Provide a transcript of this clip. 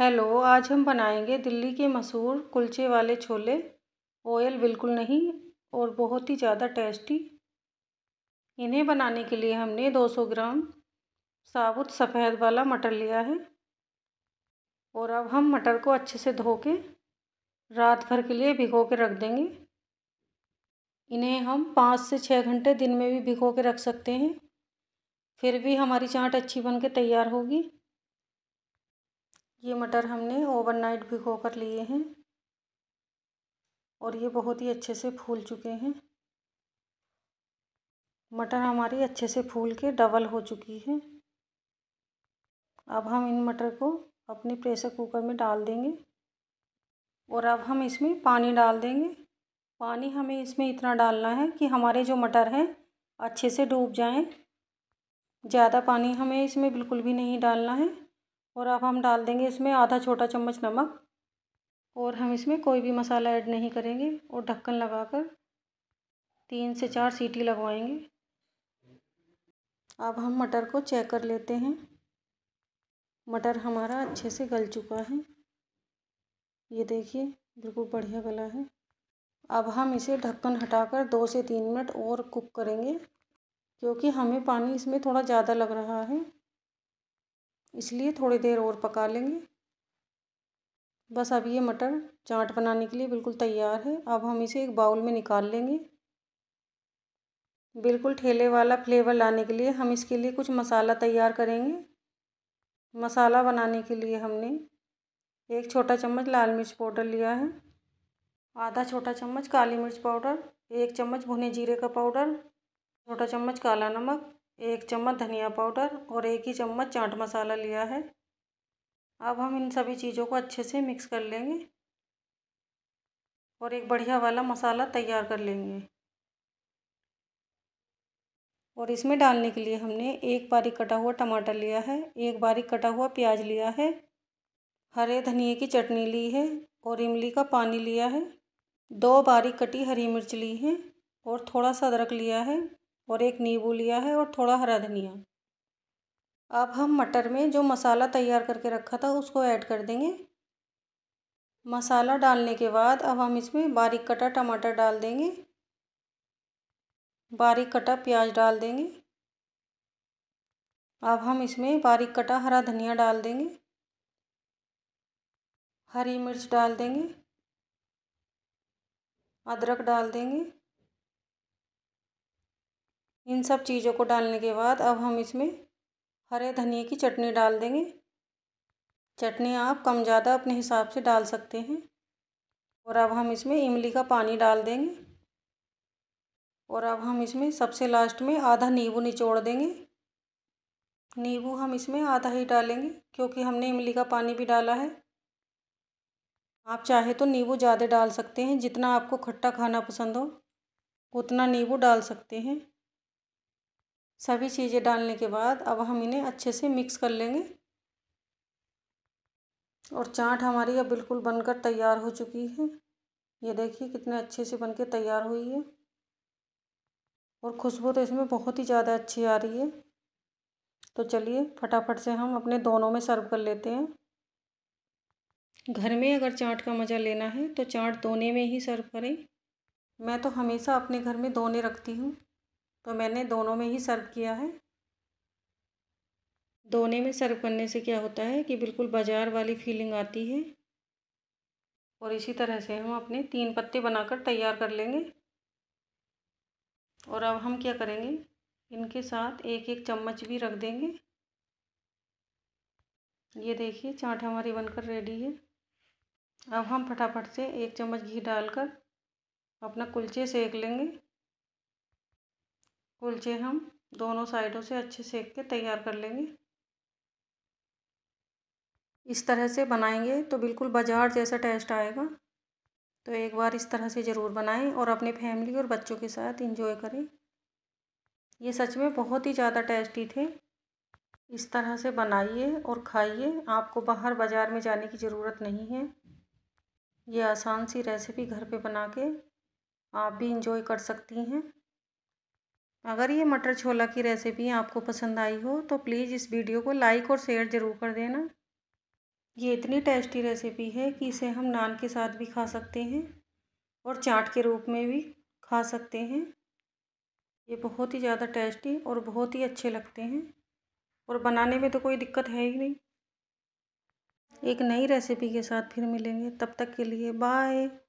hello आज हम बनाएंगे दिल्ली के मशहूर कुलचे वाले छोले ऑयल बिल्कुल नहीं और बहुत ही ज़्यादा टेस्टी इन्हें बनाने के लिए हमने 200 ग्राम साबुत सफ़ेद वाला मटर लिया है और अब हम मटर को अच्छे से धो के रात भर के लिए भिगो के रख देंगे इन्हें हम पाँच से छः घंटे दिन में भी भिगो के रख सकते हैं फिर भी हमारी चाट अच्छी बन के तैयार होगी ये मटर हमने ओवरनाइट भिगो कर लिए हैं और ये बहुत ही अच्छे से फूल चुके हैं मटर हमारी अच्छे से फूल के डबल हो चुकी है अब हम इन मटर को अपने प्रेशर कुकर में डाल देंगे और अब हम इसमें पानी डाल देंगे पानी हमें इसमें इतना डालना है कि हमारे जो मटर हैं अच्छे से डूब जाएं ज़्यादा पानी हमें इसमें बिल्कुल भी नहीं डालना है और अब हम डाल देंगे इसमें आधा छोटा चम्मच नमक और हम इसमें कोई भी मसाला ऐड नहीं करेंगे और ढक्कन लगाकर तीन से चार सीटी लगवाएंगे अब हम मटर को चेक कर लेते हैं मटर हमारा अच्छे से गल चुका है ये देखिए बिल्कुल बढ़िया गला है अब हम इसे ढक्कन हटाकर दो से तीन मिनट और कुक करेंगे क्योंकि हमें पानी इसमें थोड़ा ज़्यादा लग रहा है इसलिए थोड़ी देर और पका लेंगे बस अब ये मटर चाट बनाने के लिए बिल्कुल तैयार है अब हम इसे एक बाउल में निकाल लेंगे बिल्कुल ठेले वाला फ्लेवर लाने के लिए हम इसके लिए कुछ मसाला तैयार करेंगे मसाला बनाने के लिए हमने एक छोटा चम्मच लाल मिर्च पाउडर लिया है आधा छोटा चम्मच काली मिर्च पाउडर एक चम्मच भुने जीरे का पाउडर छोटा चम्मच काला नमक एक चम्मच धनिया पाउडर और एक ही चम्मच चाट मसाला लिया है अब हम इन सभी चीज़ों को अच्छे से मिक्स कर लेंगे और एक बढ़िया वाला मसाला तैयार कर लेंगे और इसमें डालने के लिए हमने एक बारीक कटा हुआ टमाटर लिया है एक बारीक कटा हुआ प्याज लिया है हरे धनिए की चटनी ली है और इमली का पानी लिया है दो बारीक कटी हरी मिर्च ली है और थोड़ा सा अदरक लिया है और एक नींबू लिया है और थोड़ा हरा धनिया अब हम मटर में जो मसाला तैयार करके रखा था उसको ऐड कर देंगे मसाला डालने के बाद अब हम इसमें बारीक कटा टमाटर डाल देंगे बारीक कटा प्याज डाल देंगे अब हम इसमें बारीक कटा हरा धनिया डाल देंगे हरी मिर्च डाल देंगे अदरक डाल देंगे इन सब चीज़ों को डालने के बाद अब हम इसमें हरे धनिए की चटनी डाल देंगे चटनी आप कम ज़्यादा अपने हिसाब से डाल सकते हैं और अब हम इसमें इमली का पानी डाल देंगे और अब हम इसमें सबसे लास्ट में आधा नींबू निचोड़ देंगे नींबू हम इसमें आधा ही डालेंगे क्योंकि हमने इमली का पानी भी डाला है आप चाहे तो नींबू ज़्यादा डाल सकते हैं जितना आपको खट्टा खाना पसंद हो उतना नींबू डाल सकते हैं सभी चीज़ें डालने के बाद अब हम इन्हें अच्छे से मिक्स कर लेंगे और चाट हमारी अब बिल्कुल बनकर तैयार हो चुकी है ये देखिए कितने अच्छे से बनकर तैयार हुई है और खुशबू तो इसमें बहुत ही ज़्यादा अच्छी आ रही है तो चलिए फटाफट से हम अपने दोनों में सर्व कर लेते हैं घर में अगर चाट का मज़ा लेना है तो चाट दोने में ही सर्व करें मैं तो हमेशा अपने घर में दोने रखती हूँ तो मैंने दोनों में ही सर्व किया है दोनों में सर्व करने से क्या होता है कि बिल्कुल बाजार वाली फीलिंग आती है और इसी तरह से हम अपने तीन पत्ते बनाकर तैयार कर लेंगे और अब हम क्या करेंगे इनके साथ एक एक चम्मच भी रख देंगे ये देखिए चाट हमारी बनकर रेडी है अब हम फटाफट से एक चम्मच घी डालकर अपना कुलचे सेक लेंगे कुलचे हम दोनों साइडों से अच्छे सेक के तैयार कर लेंगे इस तरह से बनाएंगे तो बिल्कुल बाजार जैसा टेस्ट आएगा तो एक बार इस तरह से ज़रूर बनाएं और अपने फैमिली और बच्चों के साथ इंजॉय करें ये सच में बहुत ही ज़्यादा टेस्टी थे इस तरह से बनाइए और खाइए आपको बाहर बाज़ार में जाने की ज़रूरत नहीं है ये आसान सी रेसिपी घर पे बना के आप भी इंजॉय कर सकती हैं अगर ये मटर छोला की रेसिपी आपको पसंद आई हो तो प्लीज़ इस वीडियो को लाइक और शेयर ज़रूर कर देना ये इतनी टेस्टी रेसिपी है कि इसे हम नान के साथ भी खा सकते हैं और चाट के रूप में भी खा सकते हैं ये बहुत ही ज़्यादा टेस्टी और बहुत ही अच्छे लगते हैं और बनाने में तो कोई दिक्कत है ही नहीं एक नई रेसिपी के साथ फिर मिलेंगे तब तक के लिए बाय